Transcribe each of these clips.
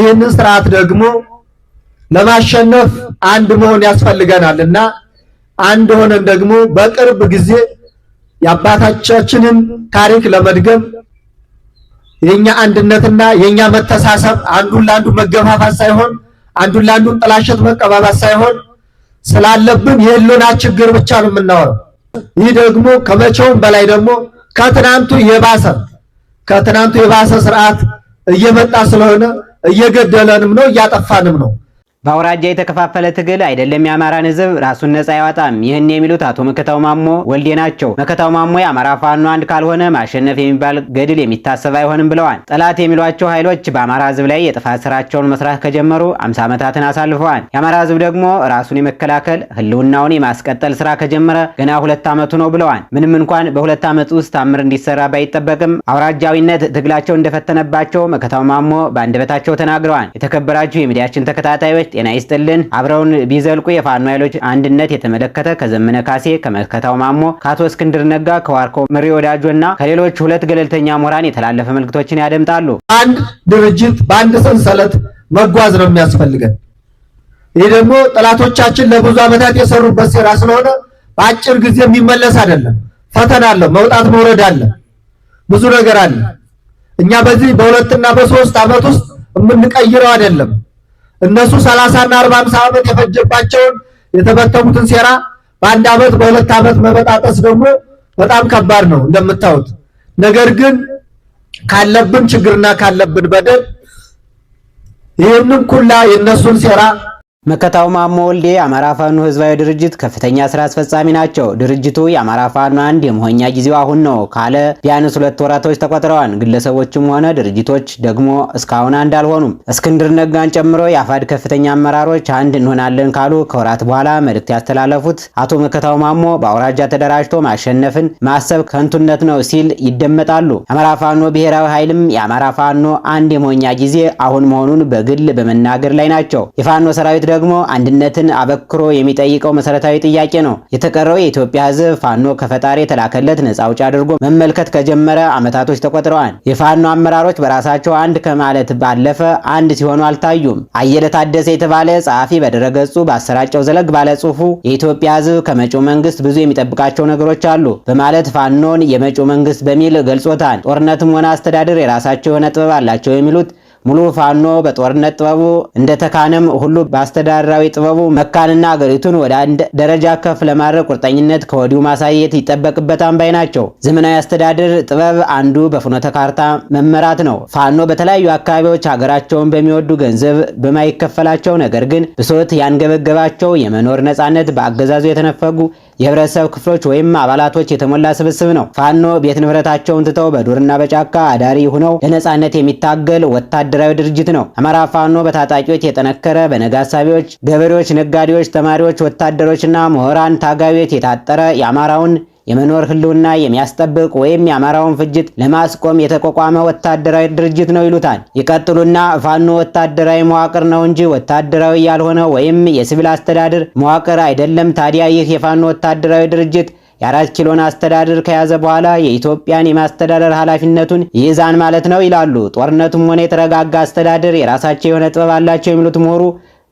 ይህንን ስርዓት ደግሞ ለማሸነፍ አንድ መሆን ያስፈልገናል እና አንድ ሆነን ደግሞ በቅርብ ጊዜ የአባታቻችንን ታሪክ ለመድገም የኛ አንድነትና የኛ መተሳሰብ አንዱን ለአንዱ መገፋፋት ሳይሆን አንዱን ለአንዱን ጥላሸት መቀባባት ሳይሆን ስላለብን የህልውና ችግር ብቻ ነው የምናወራው። ይህ ደግሞ ከመቼውም በላይ ደግሞ ከትናንቱ የባሰ ከትናንቱ የባሰ ስርዓት እየመጣ ስለሆነ እየገደለንም ነው እያጠፋንም ነው። በአውራጃ የተከፋፈለ ትግል አይደለም የአማራን ህዝብ ራሱን ነጻ ያወጣም። ይህን የሚሉት አቶ መከታው ማሞ ወልዴ ናቸው። መከታው ማሞ የአማራ ፋኖ አንድ ካልሆነ ማሸነፍ የሚባል ገድል የሚታሰብ አይሆንም ብለዋል። ጠላት የሚሏቸው ኃይሎች በአማራ ህዝብ ላይ የጥፋት ስራቸውን መስራት ከጀመሩ አምሳ ዓመታትን አሳልፈዋል። የአማራ ህዝብ ደግሞ ራሱን የመከላከል ህልውናውን የማስቀጠል ስራ ከጀመረ ገና ሁለት ዓመቱ ነው ብለዋል። ምንም እንኳን በሁለት ዓመት ውስጥ አምር እንዲሰራ ባይጠበቅም አውራጃዊነት ትግላቸው እንደፈተነባቸው መከታው ማሞ በአንደበታቸው ተናግረዋል። የተከበራችሁ የሚዲያችን ተከታታዮች ጤና ይስጥልን። አብረውን ቢዘልቁ የፋኖ ኃይሎች አንድነት የተመለከተ ከዘመነ ካሴ፣ ከመከታው ማሞ፣ ከአቶ እስክንድር ነጋ፣ ከዋርኮ መሪ ወዳጆ እና ከሌሎች ሁለት ገለልተኛ ምሁራን የተላለፈ መልክቶችን ያደምጣሉ። አንድ ድርጅት በአንድ ሰንሰለት መጓዝ ነው የሚያስፈልገን። ይህ ደግሞ ጠላቶቻችን ለብዙ ዓመታት የሰሩበት ሴራ ስለሆነ በአጭር ጊዜ የሚመለስ አይደለም። ፈተና አለው። መውጣት መውረድ አለ። ብዙ ነገር አለ። እኛ በዚህ በሁለትና በሶስት ዓመት ውስጥ የምንቀይረው አይደለም። እነሱ ሰላሳና አርባ አምሳ ዓመት የፈጀባቸውን የተበተኑትን ሴራ በአንድ ዓመት በሁለት ዓመት መበጣጠስ ደግሞ በጣም ከባድ ነው እንደምታዩት። ነገር ግን ካለብን ችግርና ካለብን በደል ይህንን ኩላ የእነሱን ሴራ መከታው ማሞ ወልዴ የአማራ ፋኖ ህዝባዊ ድርጅት ከፍተኛ ስራ አስፈጻሚ ናቸው። ድርጅቱ የአማራ ፋኖ አንድ የመሆኛ ጊዜው አሁን ነው ካለ ቢያንስ ሁለት ወራቶች ተቆጥረዋል። ግለሰቦችም ሆነ ድርጅቶች ደግሞ እስካሁን አንድ አልሆኑም። እስክንድር ነጋን ጨምሮ የአፋድ ከፍተኛ አመራሮች አንድ እንሆናለን ካሉ ከወራት በኋላ መልእክት ያስተላለፉት አቶ መከታው ማሞ በአውራጃ ተደራጅቶ ማሸነፍን ማሰብ ከንቱነት ነው ሲል ይደመጣሉ። አማራ ፋኖ ብሔራዊ ኃይልም የአማራ ፋኖ አንድ የመሆኛ ጊዜ አሁን መሆኑን በግል በመናገር ላይ ናቸው። የፋኖ ሰራዊት ደግሞ አንድነትን አበክሮ የሚጠይቀው መሰረታዊ ጥያቄ ነው። የተቀረው የኢትዮጵያ ህዝብ ፋኖ ከፈጣሪ የተላከለት ነጻ አውጪ አድርጎ መመልከት ከጀመረ ዓመታቶች ተቆጥረዋል። የፋኖ አመራሮች በራሳቸው አንድ ከማለት ባለፈ አንድ ሲሆኑ አልታዩም። አየለ ታደሰ የተባለ ጸሐፊ በድረገጹ ባሰራጨው ዘለግ ባለ ጽሁፉ የኢትዮጵያ ህዝብ ከመጪው መንግስት ብዙ የሚጠብቃቸው ነገሮች አሉ በማለት ፋኖን የመጪው መንግስት በሚል ገልጾታል። ጦርነትም ሆነ አስተዳደር የራሳቸው የሆነ ጥበብ አላቸው የሚሉት ሙሉ ፋኖ በጦርነት ጥበቡ እንደተካነም ሁሉ በአስተዳደራዊ ጥበቡ መካንና አገሪቱን ወደ አንድ ደረጃ ከፍ ለማድረግ ቁርጠኝነት ከወዲሁ ማሳየት ይጠበቅበት አንባይ ናቸው። ዘመናዊ አስተዳደር ጥበብ አንዱ በፍኖተ ካርታ መመራት ነው። ፋኖ በተለያዩ አካባቢዎች ሀገራቸውን በሚወዱ ገንዘብ በማይከፈላቸው ነገር ግን ብሶት ያንገበገባቸው የመኖር ነጻነት በአገዛዙ የተነፈጉ የህብረተሰብ ክፍሎች ወይም አባላቶች የተሞላ ስብስብ ነው። ፋኖ ቤት ንብረታቸውን ትተው በዱርና በጫካ አዳሪ ሆነው ለነጻነት የሚታገል ወታደራዊ ድርጅት ነው። አማራ ፋኖ በታጣቂዎች የጠነከረ በነጋሳቢዎች፣ ገበሬዎች፣ ነጋዴዎች፣ ተማሪዎች፣ ወታደሮችና ምሁራን ታጋቤት የታጠረ የአማራውን የመኖር ህልውና የሚያስጠብቅ ወይም የአማራውን ፍጅት ለማስቆም የተቋቋመ ወታደራዊ ድርጅት ነው ይሉታል። ይቀጥሉና ፋኖ ወታደራዊ መዋቅር ነው እንጂ ወታደራዊ ያልሆነ ወይም የሲቪል አስተዳደር መዋቅር አይደለም። ታዲያ ይህ የፋኖ ወታደራዊ ድርጅት የአራት ኪሎን አስተዳደር ከያዘ በኋላ የኢትዮጵያን የማስተዳደር ኃላፊነቱን ይይዛን ማለት ነው ይላሉ። ጦርነቱም ሆነ የተረጋጋ አስተዳደር የራሳቸው የሆነ ጥበብ አላቸው የሚሉት ምሁሩ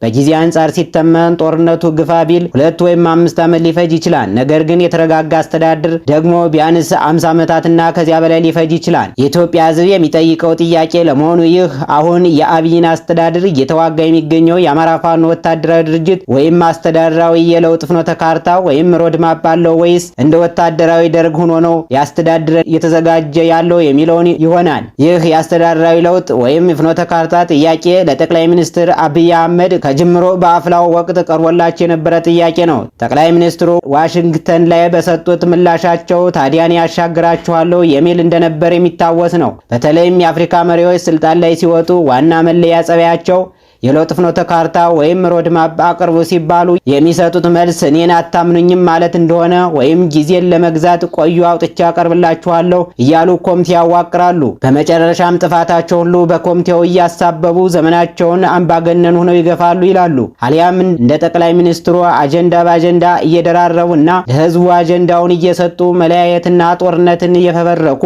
በጊዜ አንጻር ሲተመን ጦርነቱ ግፋ ቢል ሁለት ወይም አምስት ዓመት ሊፈጅ ይችላል። ነገር ግን የተረጋጋ አስተዳደር ደግሞ ቢያንስ አምሳ ዓመታትና ከዚያ በላይ ሊፈጅ ይችላል። የኢትዮጵያ ሕዝብ የሚጠይቀው ጥያቄ ለመሆኑ ይህ አሁን የአብይን አስተዳደር እየተዋጋ የሚገኘው የአማራ ፋኖ ወታደራዊ ድርጅት ወይም አስተዳደራዊ የለውጥ ፍኖተ ካርታ ወይም ሮድማፕ አለው ወይስ እንደ ወታደራዊ ደርግ ሆኖ ነው ሊያስተዳድር እየተዘጋጀ ያለው የሚለውን ይሆናል። ይህ የአስተዳደራዊ ለውጥ ወይም ፍኖተ ካርታ ጥያቄ ለጠቅላይ ሚኒስትር አብይ አህመድ ከጅምሮ በአፍላው ወቅት ቀርቦላቸው የነበረ ጥያቄ ነው። ጠቅላይ ሚኒስትሩ ዋሽንግተን ላይ በሰጡት ምላሻቸው ታዲያን ያሻግራችኋለሁ የሚል እንደነበር የሚታወስ ነው። በተለይም የአፍሪካ መሪዎች ስልጣን ላይ ሲወጡ ዋና መለያ ጸበያቸው የለውጥ ፍኖተ ካርታ ወይም ሮድማፕ አቅርቡ ሲባሉ የሚሰጡት መልስ እኔን አታምኑኝም ማለት እንደሆነ ወይም ጊዜን ለመግዛት ቆዩ አውጥቼ አቀርብላችኋለሁ እያሉ ኮሚቴ ያዋቅራሉ። በመጨረሻም ጥፋታቸው ሁሉ በኮሚቴው እያሳበቡ ዘመናቸውን አምባገነን ሆነው ይገፋሉ ይላሉ። አሊያም እንደ ጠቅላይ ሚኒስትሩ አጀንዳ በአጀንዳ እየደራረቡና ለህዝቡ አጀንዳውን እየሰጡ መለያየትና ጦርነትን እየፈበረኩ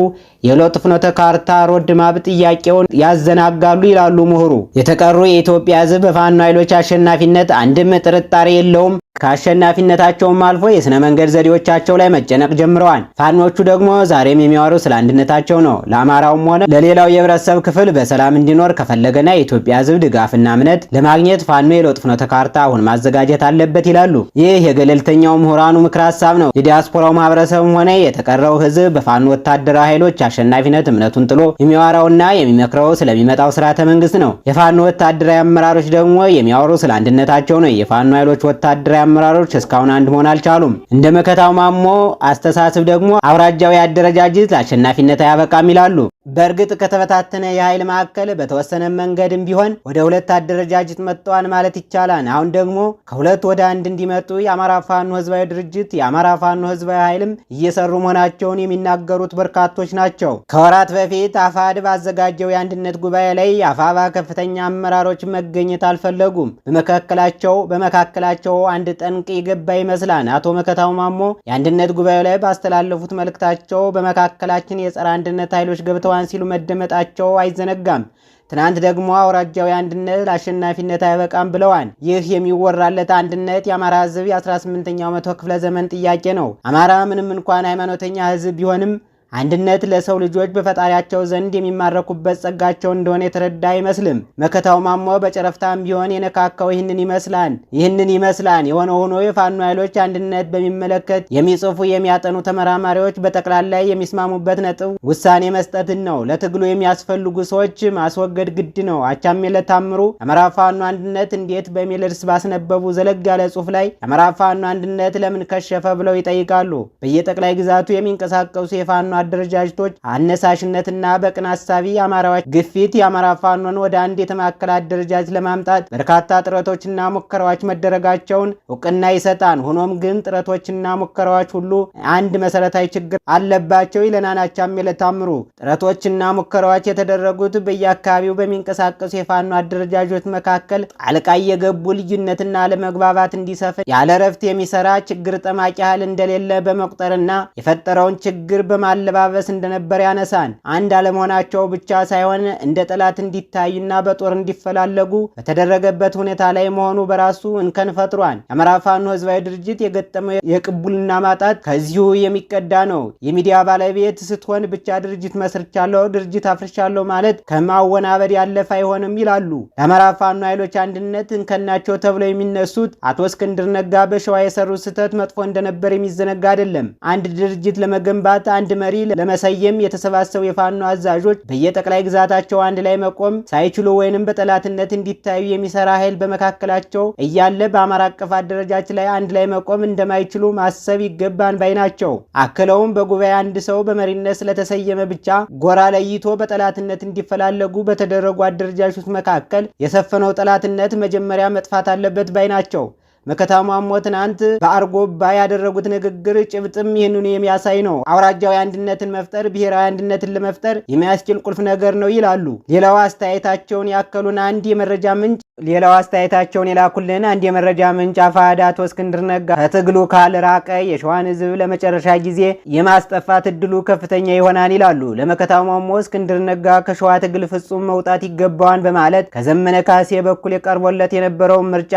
የለውጥ ፍኖተ ካርታ ሮድማፕ ጥያቄውን ያዘናጋሉ ይላሉ ምሁሩ። የተቀሩ የኢትዮጵያ የኢትዮጵያ ህዝብ በፋኖ ኃይሎች አሸናፊነት አንድም ጥርጣሬ የለውም። ከአሸናፊነታቸውም አልፎ የስነ መንገድ ዘዴዎቻቸው ላይ መጨነቅ ጀምረዋል። ፋኖቹ ደግሞ ዛሬም የሚያወሩ ስለ አንድነታቸው ነው። ለአማራውም ሆነ ለሌላው የህብረተሰብ ክፍል በሰላም እንዲኖር ከፈለገና የኢትዮጵያ ህዝብ ድጋፍና እምነት ለማግኘት ፋኖ የለውጥ ፍኖተ ካርታ አሁን ማዘጋጀት አለበት ይላሉ። ይህ የገለልተኛው ምሁራኑ ምክር ሀሳብ ነው። የዲያስፖራው ማህበረሰብም ሆነ የተቀረው ህዝብ በፋኖ ወታደራዊ ኃይሎች አሸናፊነት እምነቱን ጥሎ የሚያወራውና የሚመክረው ስለሚመጣው ስርዓተ መንግስት ነው። የፋኖ ወታደራዊ አመራሮች ደግሞ የሚያወሩ ስለ አንድነታቸው ነው። የፋኖ ኃይሎች ወታደራዊ አመራሮች እስካሁን አንድ መሆን አልቻሉም። እንደ መከታው ማሞ አስተሳሰብ ደግሞ አውራጃዊ አደረጃጀት ለአሸናፊነት አያበቃም ይላሉ። በእርግጥ ከተበታተነ የኃይል ማዕከል በተወሰነ መንገድም ቢሆን ወደ ሁለት አደረጃጀት መጥተዋል ማለት ይቻላል። አሁን ደግሞ ከሁለት ወደ አንድ እንዲመጡ የአማራ ፋኖ ህዝባዊ ድርጅት፣ የአማራ ፋኖ ህዝባዊ ኃይልም እየሰሩ መሆናቸውን የሚናገሩት በርካቶች ናቸው። ከወራት በፊት አፋድ ባዘጋጀው የአንድነት ጉባኤ ላይ የአፋባ ከፍተኛ አመራሮች መገኘት አልፈለጉም። በመካከላቸው በመካከላቸው አንድ ጠንቅ የገባ ይመስላል። አቶ መከታው ማሞ የአንድነት ጉባኤ ላይ ባስተላለፉት መልእክታቸው በመካከላችን የጸረ አንድነት ኃይሎች ገብተዋል አንኳን ሲሉ መደመጣቸው አይዘነጋም። ትናንት ደግሞ አውራጃዊ አንድነት ለአሸናፊነት አይበቃም ብለዋል። ይህ የሚወራለት አንድነት የአማራ ህዝብ የ18ኛው መቶ ክፍለ ዘመን ጥያቄ ነው። አማራ ምንም እንኳን ሃይማኖተኛ ህዝብ ቢሆንም አንድነት ለሰው ልጆች በፈጣሪያቸው ዘንድ የሚማረኩበት ጸጋቸው እንደሆነ የተረዳ አይመስልም። መከታው ማሞ በጨረፍታም ቢሆን የነካካው ይህንን ይመስላል ይህንን ይመስላል። የሆነ ሆኖ የፋኖ ኃይሎች አንድነት በሚመለከት የሚጽፉ የሚያጠኑ ተመራማሪዎች በጠቅላላ የሚስማሙበት ነጥብ ውሳኔ መስጠትን ነው። ለትግሉ የሚያስፈልጉ ሰዎች ማስወገድ ግድ ነው። አቻሜ ለታምሩ አማራ ፋኖ አንድነት እንዴት በሚል እርስ ባስነበቡ ዘለግ ያለ ጽሁፍ ላይ አማራ ፋኖ አንድነት ለምን ከሸፈ ብለው ይጠይቃሉ። በየጠቅላይ ግዛቱ የሚንቀሳቀሱ የፋኖ አደረጃጀቶች አነሳሽነትና በቅን አሳቢ አማራዎች ግፊት የአማራ ፋኖን ወደ አንድ የተማከለ አደረጃጀት ለማምጣት በርካታ ጥረቶችና ሙከራዎች መደረጋቸውን እውቅና ይሰጣል። ሆኖም ግን ጥረቶችና ሙከራዎች ሁሉ አንድ መሰረታዊ ችግር አለባቸው ይለናል አቻምየለ ታምሩ። ጥረቶችና ሙከራዎች የተደረጉት በየአካባቢው በሚንቀሳቀሱ የፋኖ አደረጃጆች መካከል ጣልቃ እየገቡ ልዩነትና አለመግባባት እንዲሰፍን ያለ እረፍት የሚሰራ ችግር ጠማቂ ኃይል እንደሌለ በመቁጠርና የፈጠረውን ችግር በማለ አለባበስ እንደነበር ያነሳን። አንድ አለመሆናቸው ብቻ ሳይሆን እንደ ጠላት እንዲታዩና በጦር እንዲፈላለጉ በተደረገበት ሁኔታ ላይ መሆኑ በራሱ እንከን ፈጥሯል። የአማራ ፋኖ ህዝባዊ ድርጅት የገጠመው የቅቡልና ማጣት ከዚሁ የሚቀዳ ነው። የሚዲያ ባለቤት ስትሆን ብቻ ድርጅት መስርቻለሁ፣ ድርጅት አፍርሻለሁ ማለት ከማወናበድ ያለፈ አይሆንም ይላሉ። የአማራ ፋኖ ኃይሎች አንድነት እንከናቸው ተብለው የሚነሱት አቶ እስክንድር ነጋ በሸዋ የሰሩት ስህተት መጥፎ እንደነበር የሚዘነጋ አይደለም። አንድ ድርጅት ለመገንባት አንድ መሪ ለመሰየም የተሰባሰቡ የፋኖ አዛዦች በየጠቅላይ ግዛታቸው አንድ ላይ መቆም ሳይችሉ ወይንም በጠላትነት እንዲታዩ የሚሰራ ኃይል በመካከላቸው እያለ በአማራ አቀፍ አደረጃች ላይ አንድ ላይ መቆም እንደማይችሉ ማሰብ ይገባን ባይ ናቸው። አክለውም በጉባኤ አንድ ሰው በመሪነት ስለተሰየመ ብቻ ጎራ ለይቶ በጠላትነት እንዲፈላለጉ በተደረጉ አደረጃጆች መካከል የሰፈነው ጠላትነት መጀመሪያ መጥፋት አለበት ባይ ናቸው። መከታሟም ትናንት በአርጎባ ያደረጉት ንግግር ጭብጥም ይህንኑ የሚያሳይ ነው። አውራጃዊ አንድነትን መፍጠር ብሔራዊ አንድነትን ለመፍጠር የሚያስችል ቁልፍ ነገር ነው ይላሉ። ሌላው አስተያየታቸውን ያከሉን አንድ የመረጃ ምንጭ ሌላው አስተያየታቸውን የላኩልን አንድ የመረጃ ምንጭ አፋዳ አቶ እስክንድር ነጋ ከትግሉ ካልራቀ የሸዋን ህዝብ ለመጨረሻ ጊዜ የማስጠፋት እድሉ ከፍተኛ ይሆናል ይላሉ። ለመከታሟሞ እስክንድር ነጋ ከሸዋ ትግል ፍጹም መውጣት ይገባዋል በማለት ከዘመነ ካሴ በኩል የቀርቦለት የነበረውን ምርጫ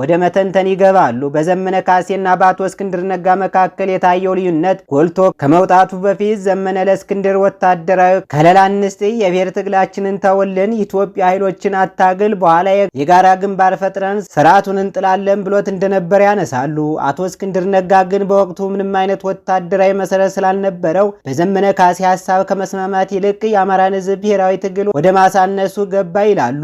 ወደ መተንተን ይገባሉ። በዘመነ ካሴና በአቶ እስክንድር ነጋ መካከል የታየው ልዩነት ጎልቶ ከመውጣቱ በፊት ዘመነ ለእስክንድር ወታደራዊ ከለላ እንስጥ፣ የብሔር ትግላችንን ተውልን፣ ኢትዮጵያ ኃይሎችን አታግል፣ በኋላ የጋራ ግንባር ፈጥረን ስርዓቱን እንጥላለን ብሎት እንደነበር ያነሳሉ። አቶ እስክንድር ነጋ ግን በወቅቱ ምንም አይነት ወታደራዊ መሰረት ስላልነበረው በዘመነ ካሴ ሀሳብ ከመስማማት ይልቅ የአማራን ሕዝብ ብሔራዊ ትግል ወደ ማሳነሱ ገባ ይላሉ።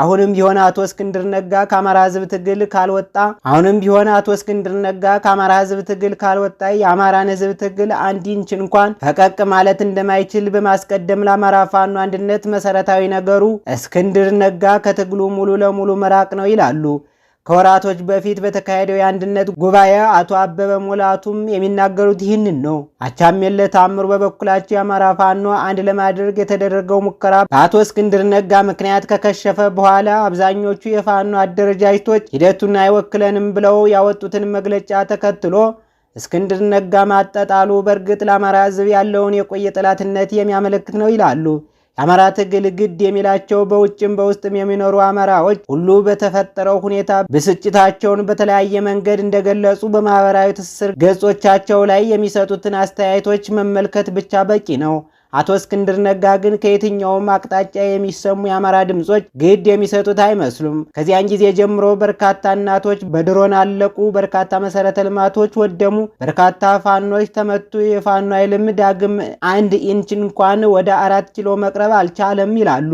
አሁንም ቢሆን አቶ እስክንድር ነጋ ከአማራ ህዝብ ትግል ካልወጣ አሁንም ቢሆን አቶ እስክንድር ነጋ ከአማራ ህዝብ ትግል ካልወጣ የአማራን ህዝብ ትግል አንድ ኢንች እንኳን ፈቀቅ ማለት እንደማይችል በማስቀደም ለአማራ ፋኖ አንድነት መሰረታዊ ነገሩ እስክንድር ነጋ ከትግሉ ሙሉ ለሙሉ መራቅ ነው ይላሉ። ከወራቶች በፊት በተካሄደው የአንድነት ጉባኤ አቶ አበበ ሙላቱም የሚናገሩት ይህንን ነው። አቻምየለህ ታምሩ በበኩላቸው የአማራ ፋኖ አንድ ለማድረግ የተደረገው ሙከራ በአቶ እስክንድር ነጋ ምክንያት ከከሸፈ በኋላ አብዛኞቹ የፋኖ አደረጃጀቶች ሂደቱን አይወክለንም ብለው ያወጡትን መግለጫ ተከትሎ እስክንድር ነጋ ማጠጣሉ በእርግጥ ለአማራ ሕዝብ ያለውን የቆየ ጠላትነት የሚያመለክት ነው ይላሉ። የአማራ ትግል ግድ የሚላቸው በውጭም በውስጥም የሚኖሩ አማራዎች ሁሉ በተፈጠረው ሁኔታ ብስጭታቸውን በተለያየ መንገድ እንደገለጹ በማህበራዊ ትስስር ገጾቻቸው ላይ የሚሰጡትን አስተያየቶች መመልከት ብቻ በቂ ነው። አቶ እስክንድር ነጋ ግን ከየትኛውም አቅጣጫ የሚሰሙ የአማራ ድምጾች ግድ የሚሰጡት አይመስሉም። ከዚያን ጊዜ ጀምሮ በርካታ እናቶች በድሮን አለቁ፣ በርካታ መሰረተ ልማቶች ወደሙ፣ በርካታ ፋኖች ተመቱ፣ የፋኖ ኃይልም ዳግም አንድ ኢንች እንኳን ወደ አራት ኪሎ መቅረብ አልቻለም ይላሉ።